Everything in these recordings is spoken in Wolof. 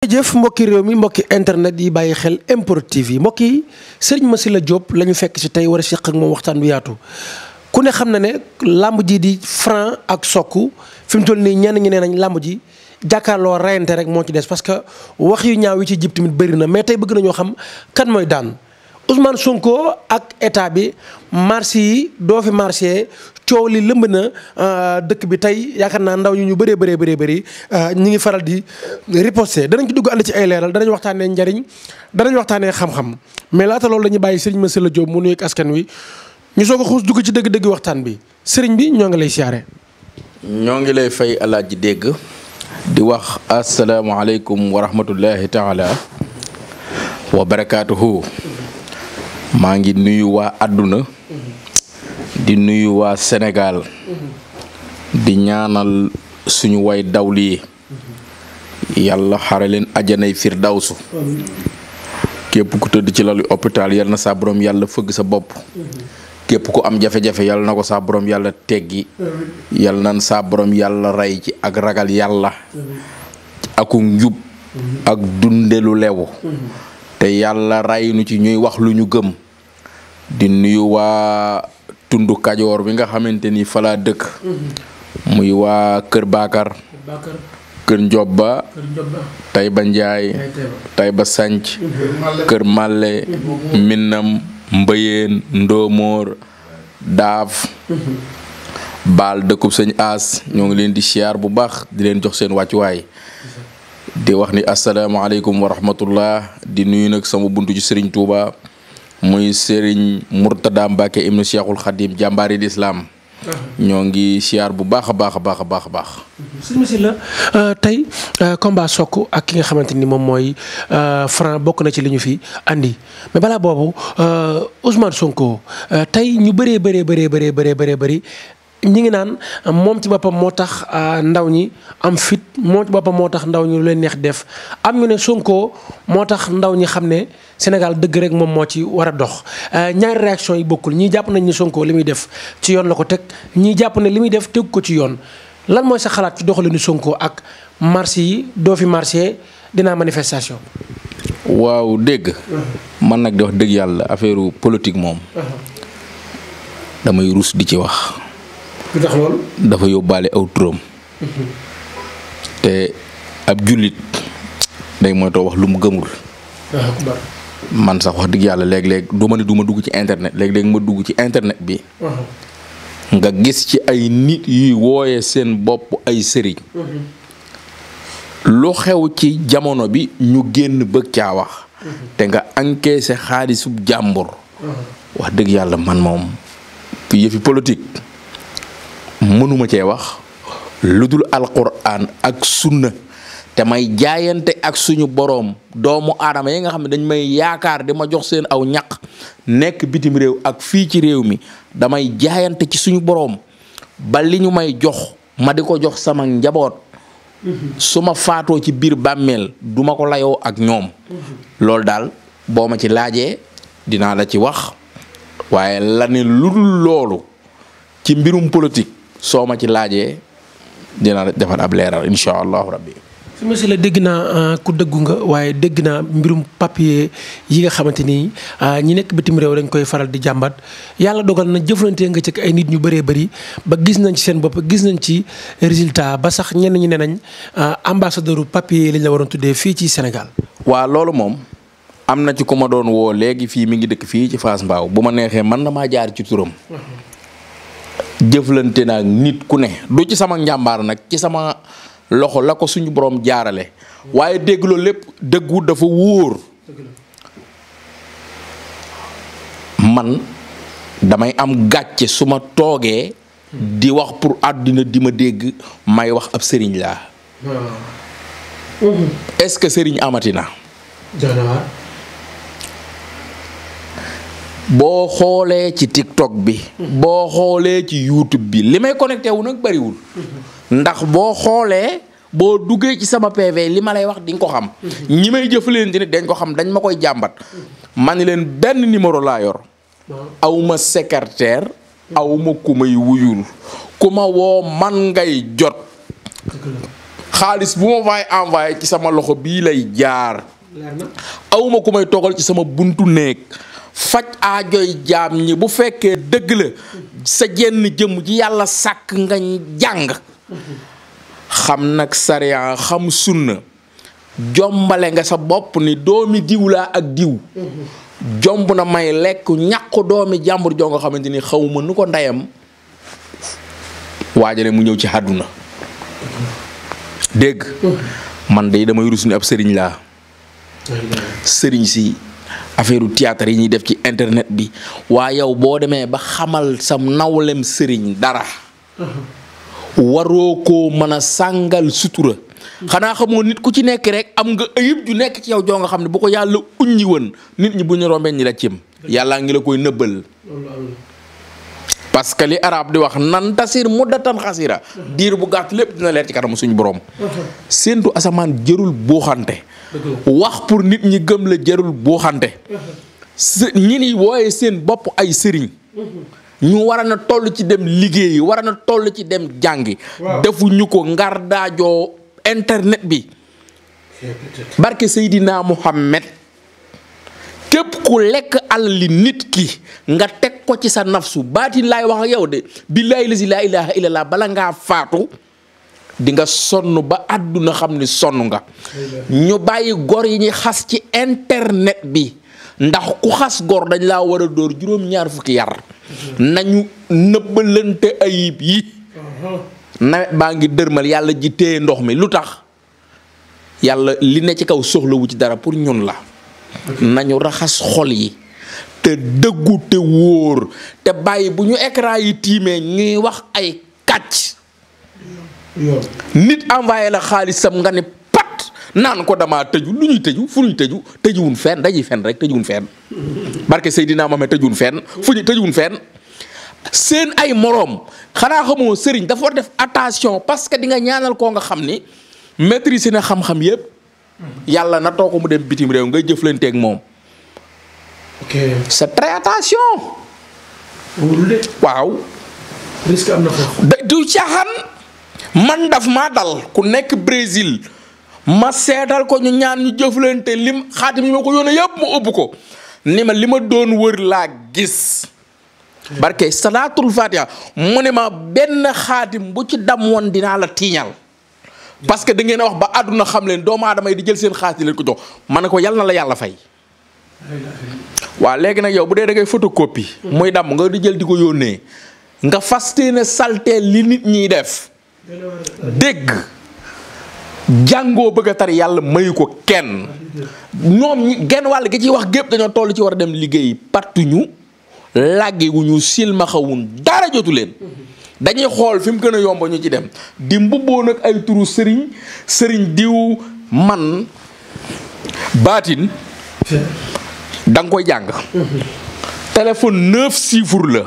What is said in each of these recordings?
jërëjëf mbokki réew mi mbokki internet yi bàyyi xel MPROD TV mbokk yi Serigne Massila Diop la ñu fekk si tey war a seq ak moom waxtaan bu ku ne xam na ne làmb ji di franc ak sokk fi mu toll nii ñenn ñi nee nañ làmb ji jàkkaarloo rayante rek moo ci des parce que wax yu ñaaw yi ci jib tamit bëri na mais tey bëgg nañoo xam kan mooy daan Ousmane Sonko ak état bi marché yi doo fi marché coow li lëmb na euh, dëkk bi tey yaakaar naa ndaw ñu ñu bëree bëree bëree bëri euh, ñi ngi faral di riposté danañ ci dugg ànd ci ay leeral danañ waxtaane njariñ danañ waxtaanee xam-xam mais laata loolu la ñu bàyyi sëriñ Massala Diop mu nuyoog askan wi ñu soog a xuus dugg ci dëgg-dëgg waxtaan bi sëriñ bi ñoo ngi lay siyaare. ñoo ngi lay fay alaaji dégg di wax asalaamaaleykum wa rahmatullahi taala wa barakaatuhu maa ngi nuyu waa àdduna di nuyu waa senegaal di ñaanal suñu way daw lii yàlla xare leen ajanay firdawsu képp ku tëdd ci lalu hôpital yal na saa boroom yàlla fëgg sa bopp képp ku am jafe-jafe yal na ko saa boroom yàlla teggi yal na saa boroom yàlla ray ci ak ragal yàlla aku njub ak dundelu lew te yàlla ray nu ci ñuy wax lu ñu gëm di nuyu waa tund kajoor bi nga xamante ni falaa dëkk mm-hmm. muy waa kër baakar kër njobba tayba njaay ba sanc mm-hmm. kër màlle mm-hmm. minnam mbëyeen ndóomóor daaf baal dëkkub sëñ aas ñoo ngi leen di siyaar bu baax di leen jox seen wàccuwaay di wax ni asalaamaaleykum wa rahmatullah di nuyu nag sama bunt ci sëriñ Touba. muy Serigne Mourtada Mbacke ibnu Cheikhul Khadim jàmbaari lislaam uh-huh. ñoo ngi siyaar bu baax a baax a baax a baax a baax. suñu la euh, tey euh, combat Sokh ak ki nga xamante ni moom mooy euh, Franc bokk na ci li ñu fi andi mais balaa boobu Ousmane Sonko tey ñu bëree bëree bëree bëree bëree bëri. ñi ngi naan moom ci boppam moo tax euh, ndaw ñi am fit moom ci boppam moo tax ndaw ñi lu leen neex def am ñu ne Sonko moo tax ndaw ñi xam ne Sénégal dëgg rek moom moo ci war a dox euh, ñaari réaction yi bokkul ñii jàpp nañ ni Sonko li muy def ci yoon la ko teg ñii jàpp ne li muy def teg ko ci yoon lan mooy sa xalaat ci doxalinu sunkoo ak marche yi doo fi marché dinaa manifestation. waaw dégg. man nag di wax dëgg yàlla affaire politique moom. Uh-huh. damay ruus di ci wax. lu lool. dafa yóbbaale aw turam. te ab jullit day moytoo wax lu mu gëmul. man sax wax dëgg yàlla léeg-léeg du ma ne du ma dugg ci internet léeg-léeg ma dugg ci internet bi. nga gis ci ay nit yuy wooye seen bopp ay sëriñ. lu xew ci jamono bi ñu génn bëgg caa wax. te nga encaissé xaalisub jàmbur. wax dëgg yàlla man moom yëfi politique. mënuma cee wax lu dul alquran ak sunna te may jaayante ak suñu boroom doomu aadama yi nga xam ne dañ may yaakaar di ma jox seen aw ñaq nekk bitim réew ak fii ci réew mi damay jaayante ci suñu boroom ba li ñu may jox ma di ko jox sama njaboot su ma faatoo ci biir bàmmeel duma ko layoo ak ñoom loolu daal boo ma ci laajee dinaa la ci wax waaye la ne lu dul loolu ci mbirum politique soo ma ci laajee dina defar ab leeral incha allahu rabbi. su ma la dégg naa ah, ku dëggu nga waaye dégg naa mbirum papier yi nga xamante ni ah, ñi nekk bitim réew dañ koy faral di jàmbat yàlla dogal na jëflante nga ci ay nit ñu bëree bari ba gis nañ ci seen bopp gis nañ ci résultat ba sax ñenn ñi ne nañ ah, ambassadeur papier lañ la waroon tuddee fii ci senegal waa loolu moom am na ci ku ma doon woo léegi fii mu ngi dëkk fii ci Fass Mbao bu ma neexee man na maa jaar ci turam. Mhm. jëflante naag nit ku ne du ci sama njàmbaar nag ci sama loxo la ko suñu boroom jaarale waaye dégg loolu lépp dëggu dafa wóor man damay am gàcce su ma toogee di wax pour àddina di ma dégg may wax ab sëriñ laa est-ce que sëriñ amati na boo xoolee ci TikTok bi. boo xoolee ci YouTube bi li may connecté wu nag bëriwul. ndax boo xoolee boo duggee ci sama PV li ma lay wax di ko xam. ñi may jëflante ni dañ ko xam dañ ma koy jàmbat. ma ni leen benn numéro laa yor. aw ma secrétaire. aw ma ku wuyul. ku ma woo man ngay jot. xaalis bu ma fay envoyé ci sama loxo bii lay jaar. awma ku may toogal ci sama buntu néeg. faj aajoy jaam ñi bu fekkee dëgg la sa jenn jëmm ji yàlla sàkk nga jàng xam nag sariya xam sunna jombale nga sa bopp ni doomi diw laa ak diw jomb na may lekk ñàqu doomi jàmbur joo nga xamante ni xawma nu ko ndeyam waajale mu ñëw ci àdduna dégg man de damay rus ni ab sëriñ laa sëriñ si affaire théâtre yi ñuy def ci internet bi waa yow boo demee ba xamal sam nawlem sëriñ dara waroo ko mën a sàngal sutura xanaa xamoo nit ku ci nekk rek am nga ayib ju nekk ci yow joo xam ne boo ko yàlla uññi woon nit ñi bu ñu rombee ñi la cim yàllaa ngi la koy nëbbal parce que li arab di wax nan tasir muddatan xasira diir bu gàtt lépp dina leer ci kanam suñu borom. séentu asamaan jërul buuxante. wax pour nit ñi gëm la jërul buuxante. ñi ni wooye seen bopp ay sëriñ. ñu war a ci dem liggéeyi war a na toll ci dem jàngi. defuñu ko ngar daajoo internet bi. barke Seydina Muhammad képp ku lekk alal nit ki nga teg ko ci sa nafsu baatin laay wax ak yow de billahi lazi laa ilaha illallah bala ngaa faatu dinga sonn ba àdduna xam ni sonn nga ñu bàyyi gor yi ñuy xas ci internet bi ndax ku xas gor dañ laa war a dóor juróom-ñaar fukki yar nañu nëbbalante ayib yi nawet baa ngi dërmal yàlla ji téye ndox mi lu tax yàlla li ne ci kaw soxlawu ci dara pour ñun la nañu raxas xol yi te dëggu te wóor te bàyyi bu ñu écran yi tiimee ñuy wax ay kàcc nit envoyé la sam nga ne pat naan ko damaa tëju lu ñuy tëju fu ñuy tëju tëjuwun fenn dañuy fenn rek tëjuwun fenn barke Seydina Mohamed tëjuwun fenn fu ñu tëjuwun fenn seen ay moroom xanaa xamoo sëriñ dafa war def attention parce que di nga ñaanal koo nga xam ni maîtrise ne xam-xam yépp yàlla na too ko mu dem bitim réew ngay jëflanteeg moom. ok c'est très attention. waaw. na foofu du caaxaan man daf maa dal ku nekk Brésil ma seetal ko ñu ñaan ñu jëflante lim xaatim yi ma ko yónnee yëpp mu ëbb ko ni ma li ma doon wër laa gis. barke salaatul fatiha mu ne ma benn xaatim bu ci dam woon dinaa la tiiñal. parce que da ngeen wax ba àdduna xam leen doomu aadama yi di jël seen xaalis di leen ko jox ma ne ko yal na la yàlla fay. waaw léegi nag yow bu dee dangay ngay photocopie. muy dàmm nga di jël di ko yónnee. nga fas ne saltee li nit ñiy def. dégg jàngoo bëgg a tar yàlla mayu ko kenn. ñoom genn wàll gi ciy wax gépp dañoo toll ci war a dem liggéey partuñu làggi wu ñu silmaxawun dara jotu leen. dañuy xool fi mu gën a yomb ñu ci dem di mbubboo nag ay turu sëriñ sëriñ diw man baatin da koy jàng téléphone neuf chiffres la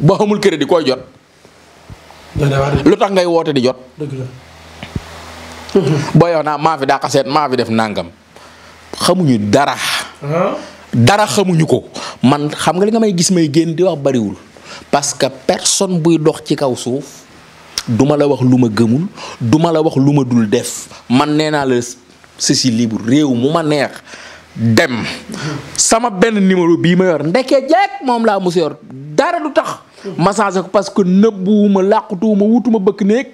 boo xamul crédit koy jot lu tax ngay woote di jot boo yow naa maa fi daa xaseet maa fi def nàngam xamuñu dara ah. dara xamuñu ko man xam nga li nga may gis may génn di wax bariwul parce que personne buy dox ci kaw suuf duma la wax lu ma gëmul duma la wax lu ma dul def man nee naa la ceci libre réew mu ma neex dem sama benn numéro bii ma yor ndekee jeeg moom laa mos yor dara du tax ma changé ko parce que nëbbuwuma làqutuwuma wutuma bëkk néeg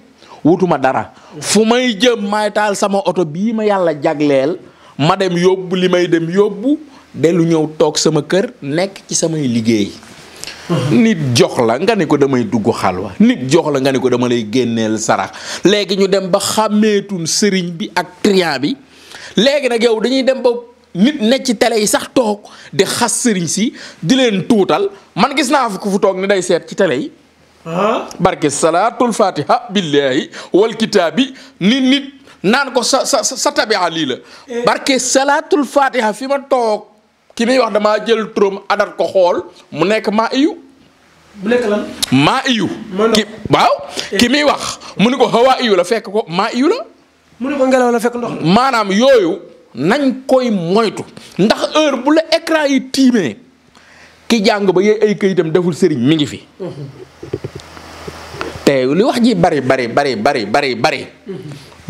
wutuma dara fu may jëm may taal sama oto bii ma yàlla jagleel ma dem yóbbu li may dem yóbbu lu ñëw toog sama kër nekk ci samay liggéey nit jox la nga ne ko damay dugg xalwa nit jox la nga ne ko dama lay génneel sarax léegi ñu dem ba xàmmeetun sëriñ bi ak trian bi léegi nag yow dañuy dem ba nit ne ci tele yi sax toog di xas sëriñ si di leen tuutal man gis naa fu fu toog ni day seet ci télé yi ah. barke salaatul fatiha billaahi wal kitaabi nit nit naan ko sa sa sa tabi'a lii la eh. barke salaatul fatiha fi ma toog ki ni wax damaa jël turam adat ko xool mu nekk maa iyu. mu nekk lan. maa iyu. ki waaw eh. ki muy wax mu ni ko xawaa iyu la fekk ko maa iyu la. mu ni ko ngelaw fekk ndox maanaam yooyu nañ koy moytu ndax heure bu la écran yi tiimee ki jàng ba yee ay këyitam deful sëriñ mi ngi fi. te li wax ji bari bari bari bari bari bari.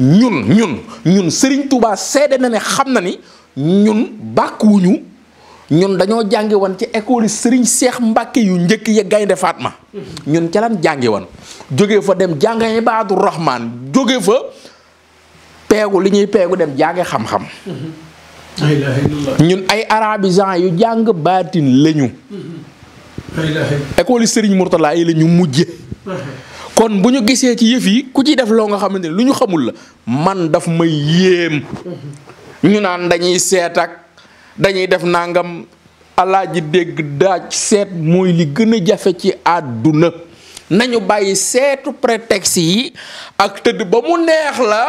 ñun ñun sëriñ Touba seede na ne xam na ni ñun bàkkuwuñu ñun dañoo jàngi woon ci école sëriñ seex mbàkke yu njëkk ya gaynde ma ñun celan lan jàngi woon jóge fa dem jàng ibaadu rahmaan jóge fa peegu li ñuy peegu dem jàngi xam-xam ñun ay arabisan yu jàng baatin lañu école sëriñ Mourtala yi la ñu mujje kon bu ñu gisee ci yëf yi ku ciy def loo nga xamante ne lu ñu xamul la man daf may yéem ñu naan dañuy seet dañuy def nangam alaaji dégg daaj seet mooy li gën jafe ci àdduna nañu bàyyi seetu prétexte yi ak tëdd ba mu neex la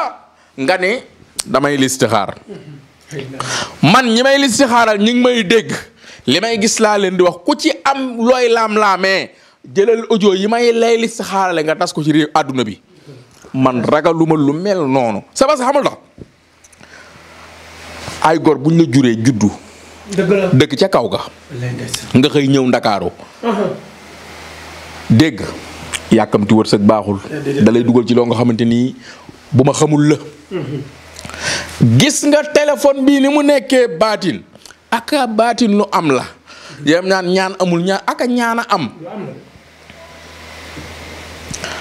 nga ne damay listixaar man ñi may listixaaral ñi ngi may dégg li may gis laa leen di wax ku ci am looy laam-laamee jëlal audio yi may lay listixaarale nga tas ko ci réew àdduna bi man ragaluma lu mel noonu sa bas xamul tax ay gor buñ la juree juddu. dëkk ca kaw ga. nga xëy ñëw ndakaaru uh-huh. dégg yàkkamti wërsëg baaxul. da lay dugal ci loo nga xamante ni bu ma xamul la. Uh-huh. gis nga téléphone bii ni mu nekkee baatin ak baatin lu am la. yam ñaan amul ñaan ñaana am.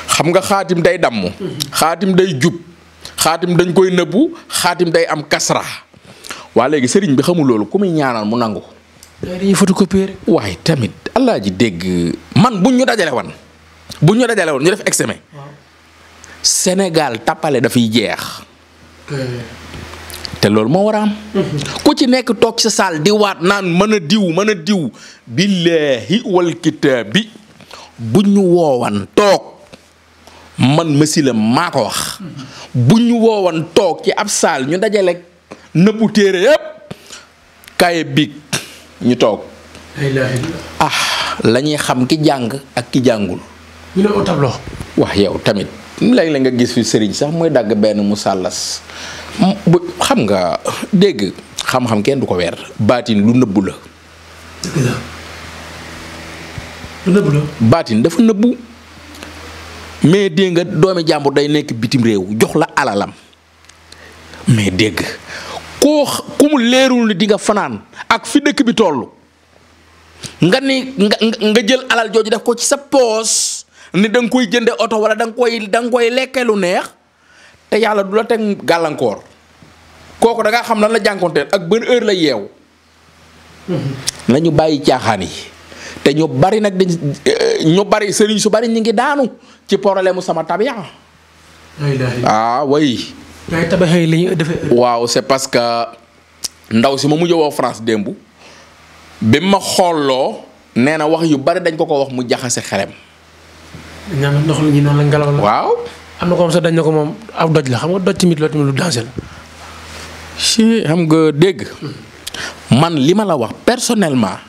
xam nga xaatim day damm. Uh-huh. xaatim day jub. xaatim dañ koy nëbbu xaatim day am kasra. waa léegi sëriñ bi xamul loolu ku muy ñaanal mu nangu. dañuy photocopier rek. waaye tamit allah ji dégg man bu ñu dajale wan buñ ñu dajale woon ñu def examen. Sénégal tappale dafay jeex. te loolu moo war a mhm. ku ci nekk toog sa saal di waat naan mën a diw mën a diw. billaahi wal bi bu ñu woowan toog. man Massyla maa ko wax. Mhm. bu ñu woowan toog ci ab saal ñu dajale. nëbbu téere yépp kaye biig ñu toog ah la xam ki jàng ak ki jàngul ñu wax yow tamit léeg-léeg nga gis fi sëriñ sax mooy dagg benn mu bu xam nga dégg xam-xam kenn du ko weer baatin lu nëbbu la baatin dafa nëbbu mais dégg nga doomi jàmbur day nekk bitim réew jox la alalam mais dégg koo ku mu leerul ni di nga fanaan ak fi dëkk bi toll nga ni nga nga jël alal jooju def ko ci sa poos ni da nga koy jënde oto wala da nga koy lekkee lu neex te yàlla du la te gàllankoor kooku danga xam lan la jànkonteel ak bën heure la yeew nañu bàyyi caaxaan yi te ñu bari nag eh, ñu bari sëriñ su bari ñu ngi daanu ci problème mu sama tabia ah way waaw c'est parce que ndaw si ma mujj woo France démb bi ma xooloo nee na wax yu bari dañ ko ko wax mu jaxase xelem. ñaan ndox mi noonu la ngelaw la. waaw am na ko sax dañ ne ko moom aw doj la xam nga doj tamit loolu tamit lu danger la. si xam nga dégg. man li ma la wax personnellement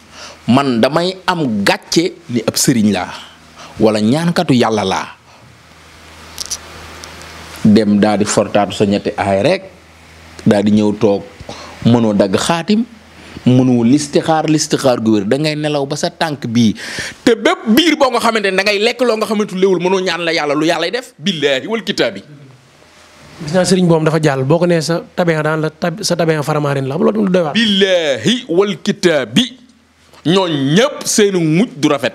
man damay am gàcce ni ab sëriñ la wala ñaankatu yàlla laa. dem daal di fortaatu sa ñetti aay rek daal di ñëw toog mënoo dagg xaatim mënuwu xaar listixaar xaar gu wér da ngay nelaw ba sa tànk bii te bépp biir boo nga xamante ne da ngay lekk loo nga xamante léwul mënoo ñaan la yàlla lu yàllay def billaahi wal kitaabi gis naa sëriñ boobu dafa jàll boo ko nee sa tabax daan la sa tabax faramaarin la bu loolu doy waar. billaahi wal ñooñ ñëpp seenu mujj du rafet.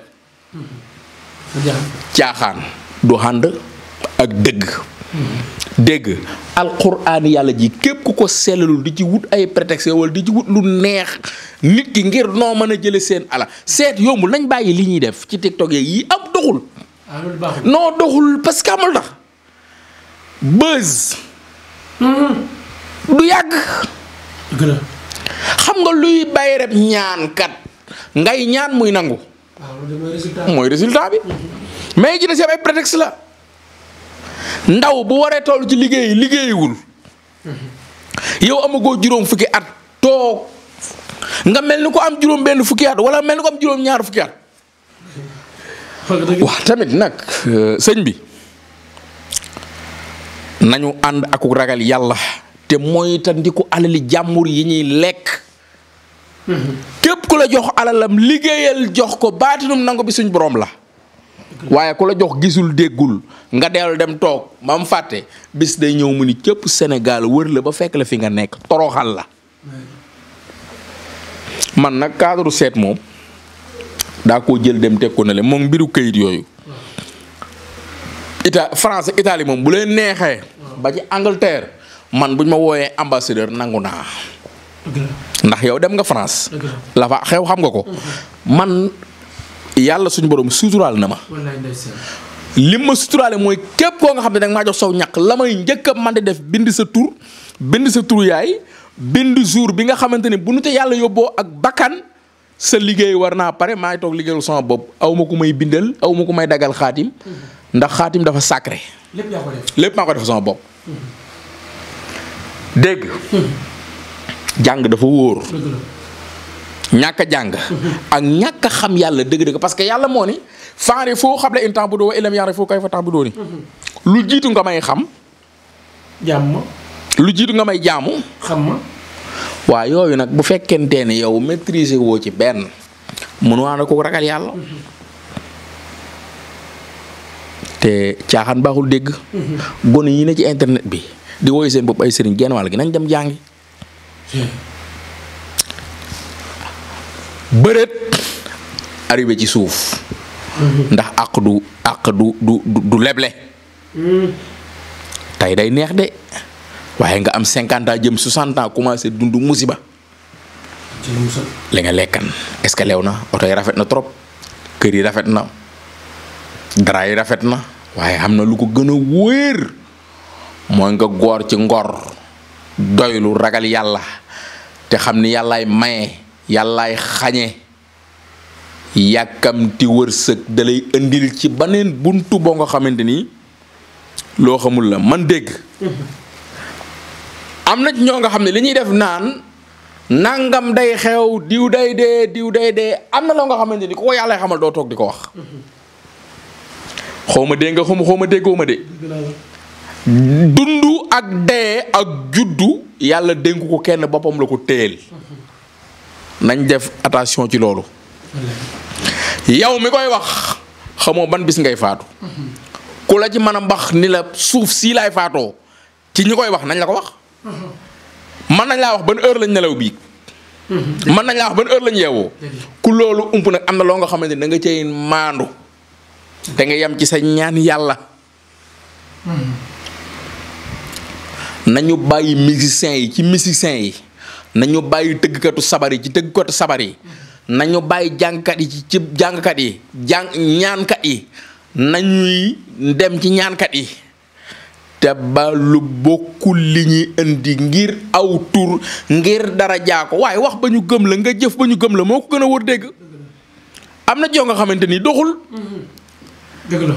caaxaan du ànd ak dëgg. dégg alxuraan yàlla ji képp ku ko sellalul di ci wut ay prétexte wala di ci wut lu neex nit ki ngir noo mën a jële seen ala seet yombul nañ bàyyi li ñuy def ci tiktok yeeg yi am doxul noo doxul parce que amul tax buzz mm-hmm. du yàgg xam nga luy bàyyi rek ñaankat ngay ñaan muy nangu mooy résultat bi mm-hmm. mais ci des ay prétexte la ndaw bu waree toll ci liggéey liggéeyiwul yow amagoo juróom fukki at toog nga mel ni ko am juróom benn fukki at wala mel ni ko am juróom ñaar fukki at wax tamit nag euh, sëñ bi nañu ànd ak ragal yàlla te moytandiku alali jàmbur yi ñuy lekk mm-hmm. képp ku la jox alalam liggéeyal jox ko baatinum nangu bi suñ borom la waaye ku la jox gisul déggul nga dellu dem toog mam fàtte bis day ñëw mu ni cëpp Sénégal wër la ba fekk la fi nga nekk toroxal la man nag cadre seet moom daa ko jël dem teg ko ne le moom mbiru kayit yooyu ita France Italie moom bu leen neexee ba ci Angleterre man buñ ma wooyee ambassadeur nangu naa ndax yow dem nga France la xew xam nga ko man yàlla suñu borom suturaal na ma. lim ma suturaale mooy képp koo nga xam ne nag maa jox saw ñàkk la may njëkk a man di def bind sa tur bind sa tur yaay bind jour bi nga xamante ne bu nu te yàlla yóbboo ak bakkan sa liggéey war naa pare maa ngi toog liggéeyal sama bopp aw ma ku may bindal aw ma ku may dagal xaatim mhm. ndax xaatim dafa sacré. lépp yaa ko def lépp maa ko def sama bopp. Mhm. dégg mhm. jàng dafa wóor. ñàkk jàng ak ñàkk xam yàlla dëgg-dëgg parce que yàlla moo ni faare foo xam la in temps bu doo ilam yaare foo kay fa temps doo ni lu jiitu nga may xam jàmm lu jiitu nga may jaamu xam yooyu nag bu fekkentee ne yow maîtriser woo ci benn mënuwaa na ko ragal yàlla te caaxaan baaxul dégg gone yi ne ci internet bi di woy seen bopp ay sëriñ genn wàll gi nañ dem jàngi hmm. bëreet arrivé ci suuf. ndax àq du àq du du du leble. tey day neex de waaye nga am cinquante ans jëm soixante ans commencé dund musiba. li nga lekkan est-ce que lew na oto yi rafet na trop kër yi rafet na dara yi rafet na waaye xam na lu ko gën a wóor mooy nga góor ci ngor doylu ragal yàlla te xam ni yàllaay maye. yàllaay xañe yàkkamti wërsëg dalay indil ci beneen buntu boo nga xamante ni loo xamul la man dégg am na ci ñoo nga xam ne li ñuy def naan nangam day xew diw day dee diw day dee am na loo nga xamante ni ku ko yàllaay xamal doo toog di ko wax xaw ma dee nga xaw ma xaw ma dee ak dee ak juddu yàlla dénku ko kenn boppam la ko téyel nañ def attention ci loolu yow mi koy wax xamoo ban bis ngay faatu ku la ci mën a mbax ni la suuf sii laay faatoo ci ñi koy wax nañ la ko wax mën nañ laa wax ban heure lañ nelaw bii mën nañ laa wax ban heure lañ yeewoo ku loolu ump nag am na loo nga xamante ni da nga cey maandu da nga yem ci sa ñaan yàlla hmm. nañu bàyyi musiciens yi ci musiciens yi nañu bàyyi tëggkatu sabar yi ci tëggkatu sabar yi nañu bàyyi jàngkat yi ci ci jàngkat yi jàng ñaankat yi nañuy dem ci ñaankat yi te ba lu bokkul li ñuy indi ngir aw tur ngir dara jaa ko waaye wax ba ñu gëm la nga jëf ba ñu gëm la moo ko gën a wër dégg am na joo nga xamante ni doxul. dëgg la.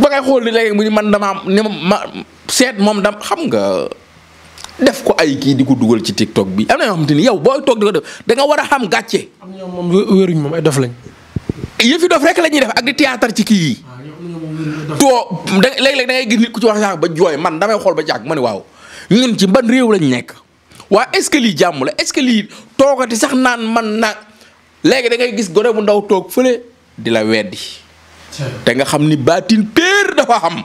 ba ngay xool léeg-léeg mu ni man dama ni ma seet moom dam xam nga. def ko ay kii di ko dugal ci TikTok bi am na yoo xam te ni yow boo toog di def da war a xam gàcce. am ñoom moom wéruñ moom ay dof lañ. yëfi dof rek la ñuy def ak di théâtre ci kii yi. Ah, too da léeg da ngay gis ku ci wax sax ba jooy man damay xool ba jàkk ma ne waaw ñun ci ban réew lañ nekk waa est-ce que lii jàmm est-ce que lii toogati sax naan man na léegi da ngay gis gone bu ndaw toog fële di la weddi. te nga xam ni baatin péer dafa xam.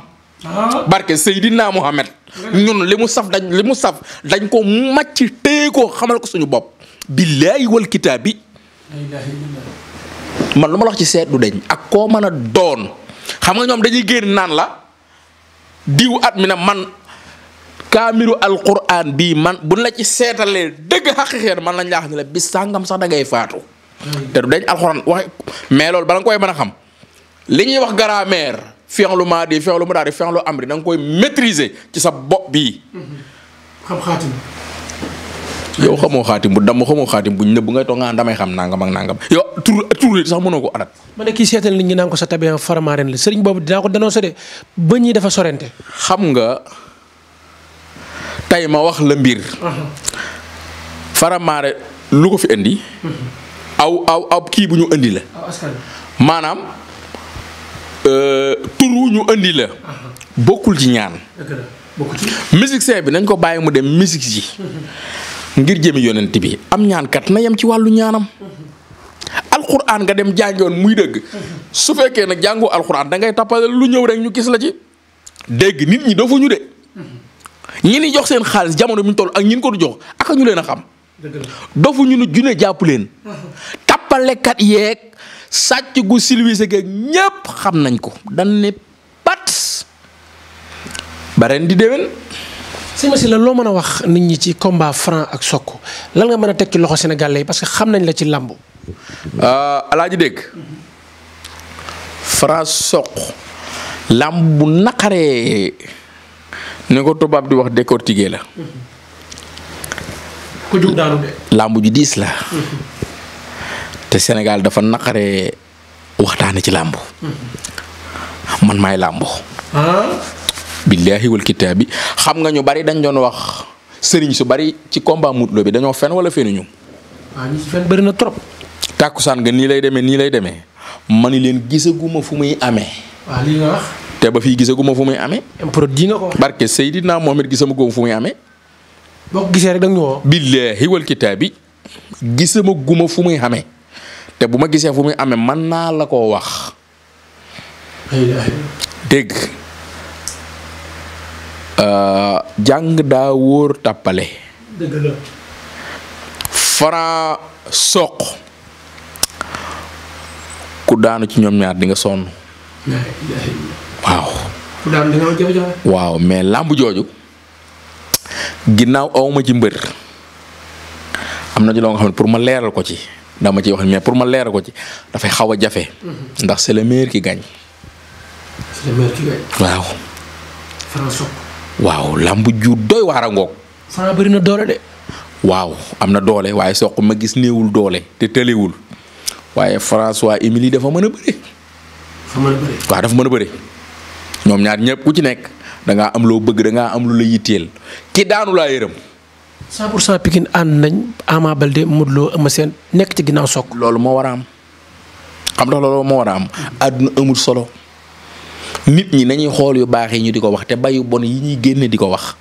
Ah. barke Seydina Mohamed. ñun li mu saf dañ li mu saf dañ ko màcc téye ko xamal ko suñu bopp billaay wal kitaab bi man lu ma la wax ci seet du dañ ak koo mën a doon xam nga ñoom dañuy génn naan la diw at mi na man kaamiru alquran bii man buñ la ci seetalee dëgg xaqiqeen man lañ laa xam ne la bis sàngam sax da ngay faatu te du dañ alxuraan wax mais loolu bala nga koy mën a xam li ñuy wax grammaire fi'lu maadi fi'lu mudaari fi'lu amri da danga koy maîtriser ci sa bopp bi xam xaatim. yow xamoo xaatim bu damm xamoo xaatim bu ñu ne bu ngay toog nga damay xam nangam ak nangam yow tur tur nit sax mënoo ko adat. ma ne kii seetal nit ñi naan ko sa tabian faramaaren la sëriñ boobu dinaa ba ñii dafa sorente. xam nga ma wax la mbir. faramaare lu ko fi indi. Mhm. aw aw aw kii bu ñu indi la. maanaam. Euh, turu ñu indi la. bokkul ci ñaan. musicien bi nañ ko bàyyi mu dem musique yi. ngir jëmi yonent bi am ñaankat na yem ci wàllu ñaanam. alxuraan nga dem jàngoon muy dëgg. su fekkee nag jàngu alxuraan da ngay tappale lu ñëw rek ñu gis la ci. dégg nit ñi dafa ñu de. ñi ni jox seen xaalis jamono bi ñu toll ak ñi ko du jox ak ñu leen a xam. dofu ñu junne jàpp leen. tappalekat yeeg sàcc gu silwise geeg ñépp xam nañ ko dan ne pat ba ren di déwén sëñ la loo mën a wax nit ñi ci combat Franc ak Sokh lan nga mën a tekki loxo sénégalais yi que xam nañ la ci làmb euh, alaaji dégg Franc Sokh làmb bu naqaree ni ko tubaab di wax décortiquer la ku jug làmb ju diis la te Sénégal dafa naqare waxtaane ci làmb man maay làmb ah. billaahi wal bi xam nga ñu bari dañ doon wax sëriñ su bari ci combat Modou Lo bi dañoo fen wala fenuñu ah, ñu bari na trop tàkkusaan nga nii lay demee nii lay demee ma ni leen gisaguma fu muy amee ah, te ba fii gisaguma fu muy amee produit nga ko barke Seydina Mohamed gisama guma fu muy amee boo ko gisee rek da nga ñu woo billaahi gisama guma fu muy amee te bu ma gisee fu muy amee man naa la koo wax. dégg euh, jàng daa wóor tàppale. dëgg la. ku daanu ci ñoom ñaar di nga sonn. waaw. waaw mais làmb jooju ginnaaw awma ci mbër am na ci nga xam ne pour ma leeral ko ci. dama ciy wax mais pour ma leer ko ci dafay xaw a jafe. Mhm. ndax c'est le meilleur qui gagne. c'est le meilleur qui waaw. Franc doy waar a ngoog. na doole waaw am na doole waaye Sokh ma gis néewul doole te tëlewul waaye François Émilie dafa mën a bëri. dafa mën a bëri. waaw dafa mën a bëri ñoom ñaar ñëpp ku ci nekk da am loo bëgg da ngaa am lu la yitteel ki daanu laa yërëm. 100 pour cent Pikine ànd nañ Ama Baldé Modou Lo Eumeu Sène nekk ci ginnaaw Sokh. loolu moo war am xam nga loolu moo war a am. àdduna amul solo. nit ñi nañuy xool yu baax yi ñu di ko wax te bay yu bon yi ñuy génne di ko wax.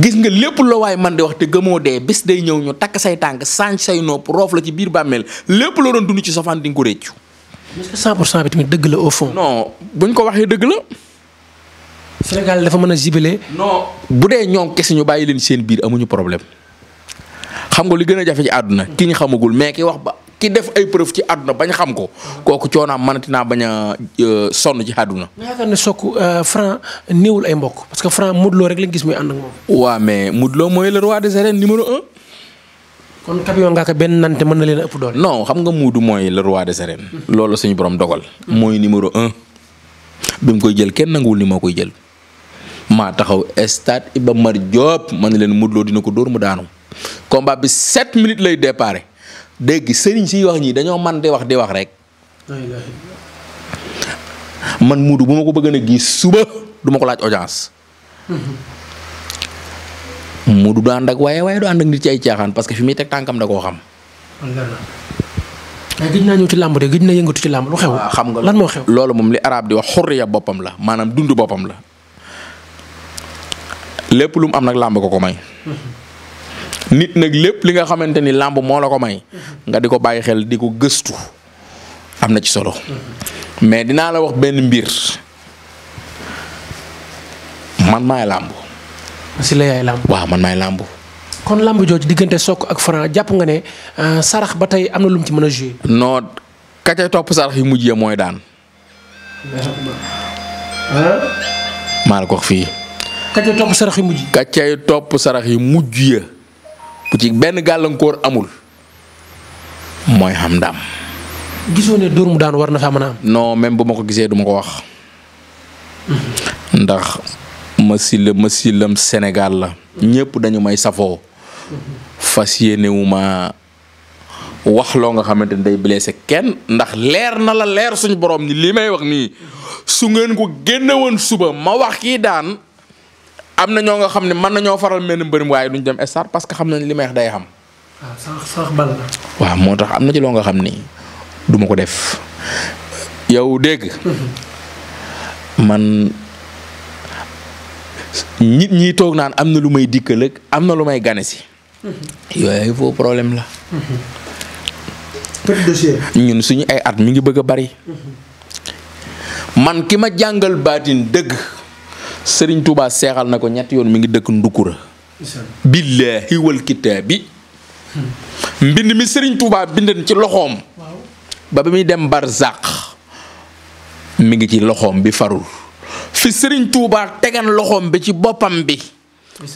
gis nga lépp la waaye man di wax te gëmoo dee bis day ñëw ñu takk say tànk sànc say nopp roof la ci biir bàmmeel lépp loo doon dund ci safaan di nga ko réccu. est-ce que pour cent bi tamit dëgg la au fond. non buñ ko waxee dëgg la. Sénégal dafa mën a jubiler. non bu dee ñoom kese ñu bàyyi leen seen biir amuñu problème xam nga li gën a jafe ci àdduna ki xamagul mais ki wax ba ki def ay preuve ci àdduna bañ xam ko kooku coonaam mënati naa bañ a euh, sonn ci àdduna. mais yaakaar ne Sokh euh, Franc néewul ay mbokk parce que Franc Modou Lo rek lañ gis muy ànd ak moom. waaw mais Modou Lo mooy le roi des arènes numéro un. kon Kabio Ngaka benn nante mën na leen a ëpp doole. non xam nga Modou mooy le roi des arènes. loolu suñu borom dogal. mooy numéro un. koy jël kenn nanguwul ni moo koy jël. maa taxaw stade Iba Mar Diop man leen Modou Lo dina ko dóor mu daanu combat bi 7 minutes lay déparé dégg sëriñ siy wax ñii dañoo man di wax di wax rek. man Modou bu ma ko bëgg a gis suba du ma ko laaj audience. Modou du ànd ak waaye waaye du ànd ak nit ci ay caaxaan parce que fi muy teg tànkam da koo xam. waaye gëj naa ñëw ci làmb ci làmb xam nga lan moo xew loolu moom li arab di wax xurriya boppam la maanaam dund boppam la. lépp lu am nag làmb ko ko may. nit nag lépp li nga xamante ni làmb moo la ko may. nga di ko bàyyi xel di ko gëstu am na ci solo. mais dinaa la wax benn mbir man maay làmb. si la yaay làmb. làmb. kon làmb jooju diggante Sokh ak Franc jàpp nga ne euh, sarax ba tey am na lu mu ci mën a joué. non ka topp sarax yu mujj ya mooy daan. maa ko fii. kàccay topp sarax yu topp sarax yu mujj ya bu ci benn gàllankoor amul mooy xam ndam. gisoo ne dóor mu daan war na faa mën bu ma ko gisee duma ko wax. ndax masila masilam Sénégal la. ñëpp dañu may safoo. fas yéene wu wax loo nga xamante ni day blessé kenn ndax leer na la leer suñu borom ni li may wax nii su ngeen ko génne suba ma wax kii daan. am na ñoo nga xam ne mën nañoo faral mel mbërim waaye duñ dem stade parce que xam nañ li may wax day xam. waaw ah, waaw moo tax am na ci loo nga xam ni duma ko def yow dégg. man nit ñi toog naan am na lu may dikkal ak am na lu may gane si. yooyu problème la. ñun suñu ay at mi ngi bëgg a bari. man ki ma jàngal baatin dëgg. sëriñ Touba seexal na ko ñetti yoon mi ngi dëkk Ndukura. billaahi wal kitaabi mbind mi sëriñ Touba bindan ci loxoom. ba bi muy dem Barzak mu ngi ci loxoom bi farul fi sëriñ Touba tegan loxoom bi ci boppam bi.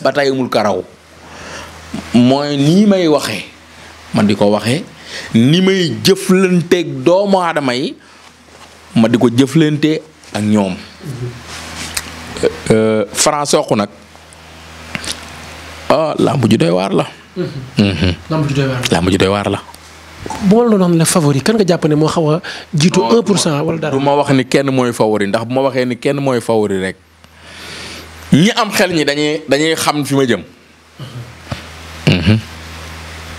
ba tey amul karaw mooy nii may waxee man di ko waxe ni may jëflanteeg doomu aadama yi ma di ko jëflante ak ñoom. Euh, Franc Sokh nag ah làmb ju doy waar la. Mhm. Mhm. làmb ju doy waar la ju doy waar la. bu ma la doon ne favori kenn nga jàpp ne moo xaw a jiitu 1 pour cent wala ma wax ni kenn mooy favori ndax bu ma waxee ni kenn mooy favori rek ñi am xel ñi dañuy dañuy xam fi ma jëm. Mhm.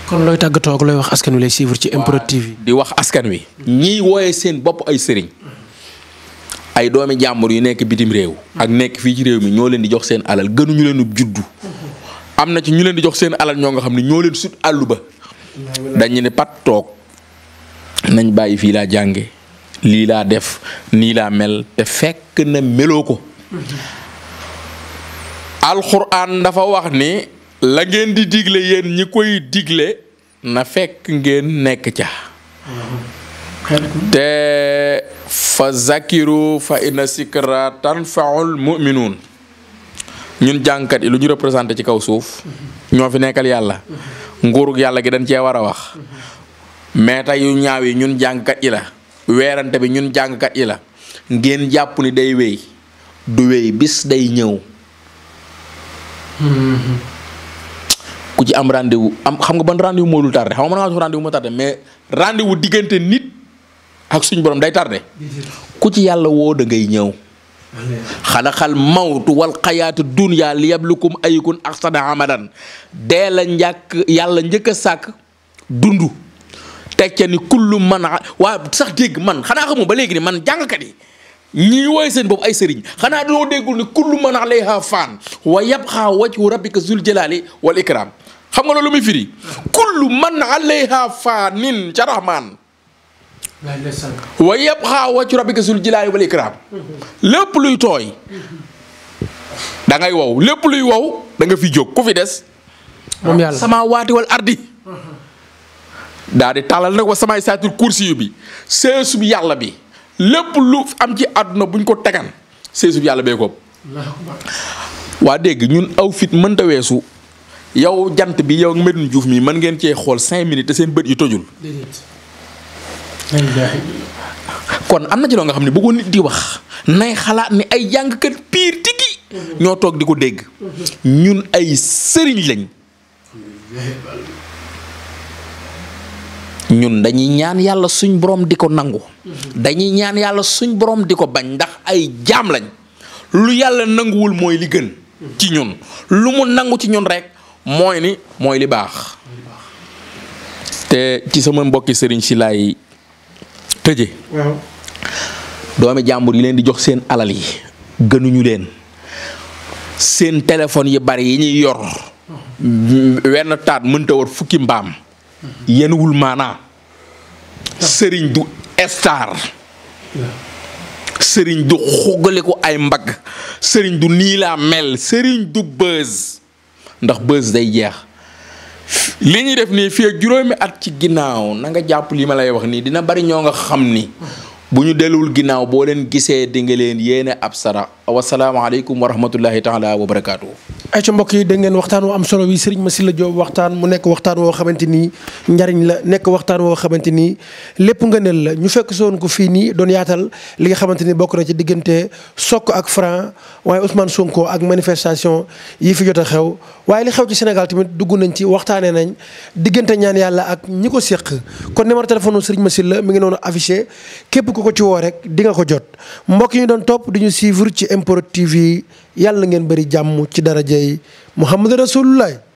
kon looy tàggatoo ak looy wax askan wi lay suivre ci MPROD TV. di wax askan wi. ñiy wooyee seen bopp ay sëriñ. ay doomi jàmbur yu nekk bitim réew. ak nekk fii ci réew mi ñoo leen di jox seen alal ñu leen juddu. am na ci ñu leen di jox seen alal ñoo nga xam ne ñoo leen sut àllu ba. dañu ne pattoog nañ bàyyi fii laa jànge lii laa def nii laa mel te fekk na meloo ko. alxuraan dafa wax ni la ngeen di digle yéen ñi koy digle na fekk ngeen nekk ca. te fa zakiru fa inna sikra tanfaul muminuun ñun jàngkat yi lu ñu représenté ci kaw suuf ñoo fi nekkal yàlla nguurug yàlla gi dañ cee war a wax mais tey yu ñaaw yi ñun jàngkat yi la weerante bi ñun jàngkat yi la ngeen jàpp ni day wéy du wéy bis day ñëw ku ci am rendez am xam nga ban rendez-vous moo dul xam nga man maa rendez-vous mais rendez diggante nit ak suñ borom day tardé ci yàlla woo da ñëw xalaxal mawtu wal xayaatu dunya li yablukum ayukun yàlla njëkk sàkk dund tecca ni kullu man waa sax dégg man xanaa xamu ba léegi ni man jàngkat yi ñii wooy seen boobu ay sëriñ xanaa dañoo déggul ni kullu man alayha faan wa yabqa wajhu rabbika zul jalaali wal ikram xam nga loolu muy firi kullu man alayha faanin ca rahmaan wa yabqa wajhu rabbika zul jalaali wal ikraam lépp luy tooy dangay wow lépp luy wow danga nga fi jóg ku fi des. moom yàlla sama waati ardi. daa di tàllal nag wa samay saatul kursi bi seesub yàlla bi lépp lu am ci àdduna buñ ko tegan bi yàlla bee ko. waa dégg ñun aw fit mënta weesu yow jant bi yow ak Medoune Diouf mi mën ngeen cee xool cinq minutes te seen bët yi tojul. kon am na ci loo nga xam ne bëggoon nit di wax nay xalaat mi ay jàngkat piir tigi ñoo toog di ko dégg ñun ay sëriñ lañ ñun dañuy ñaan yàlla suñ borom di ko nangu dañuy ñaan yàlla suñ borom di ko bañ ndax ay jaam lañ lu yàlla nanguwul mooy li gën ci ñun lu mu nangu ci ñun rek mooy ni mooy li baax te ci sama mbokki sëriñ si laay tëje doomi jàmbur yi leen di jox seen alal yi gënuñu leen seen téléphone yi bari yi ñuy yor wenn taat mënta war fukki mbaam yenuwul maanaa sëriñ du star sëriñ du xogaliku ay mbagg sëriñ du nii mel sëriñ du bës ndax bës day jeex li ñuy def nii fii juróomi at ci ginnaaw na nga jàpp li ma lay wax nii dina bari ñoo nga xam ni bu ñu delluwul ginnaaw boo leen gisee di nga leen yéene ab sara wasalaamaaleykum wa rahmatullahi taala wa barakaatu. ay ci mbokk yi dégg ngeen waxtaan woo am solo wi Serigne Massila Diop waxtaan mu nekk waxtaan woo xamante ni njariñ la nekk waxtaan woo xamante ni lépp nga ngëneel la ñu fekk soon ko fii nii doon yaatal li nga xamante ni bokk na ci diggante Sokk ak Franc waaye Ousmane Sonko ak manifestation yi fi jot a xew waaye xew ci Sénégal tamit dugg nañ ci waxtaanee nañ diggante ñaan yàlla ak ñi ko séq kon numéro téléphone u Serigne Massila mi ngi noonu affiché képp ku ko ci woo rek di nga ko jot mbokk yi ñu doon topp di ñu suivre ci MPROD TV yàlla ngeen bëri jàmm ci darajey Muhammad Rasulullah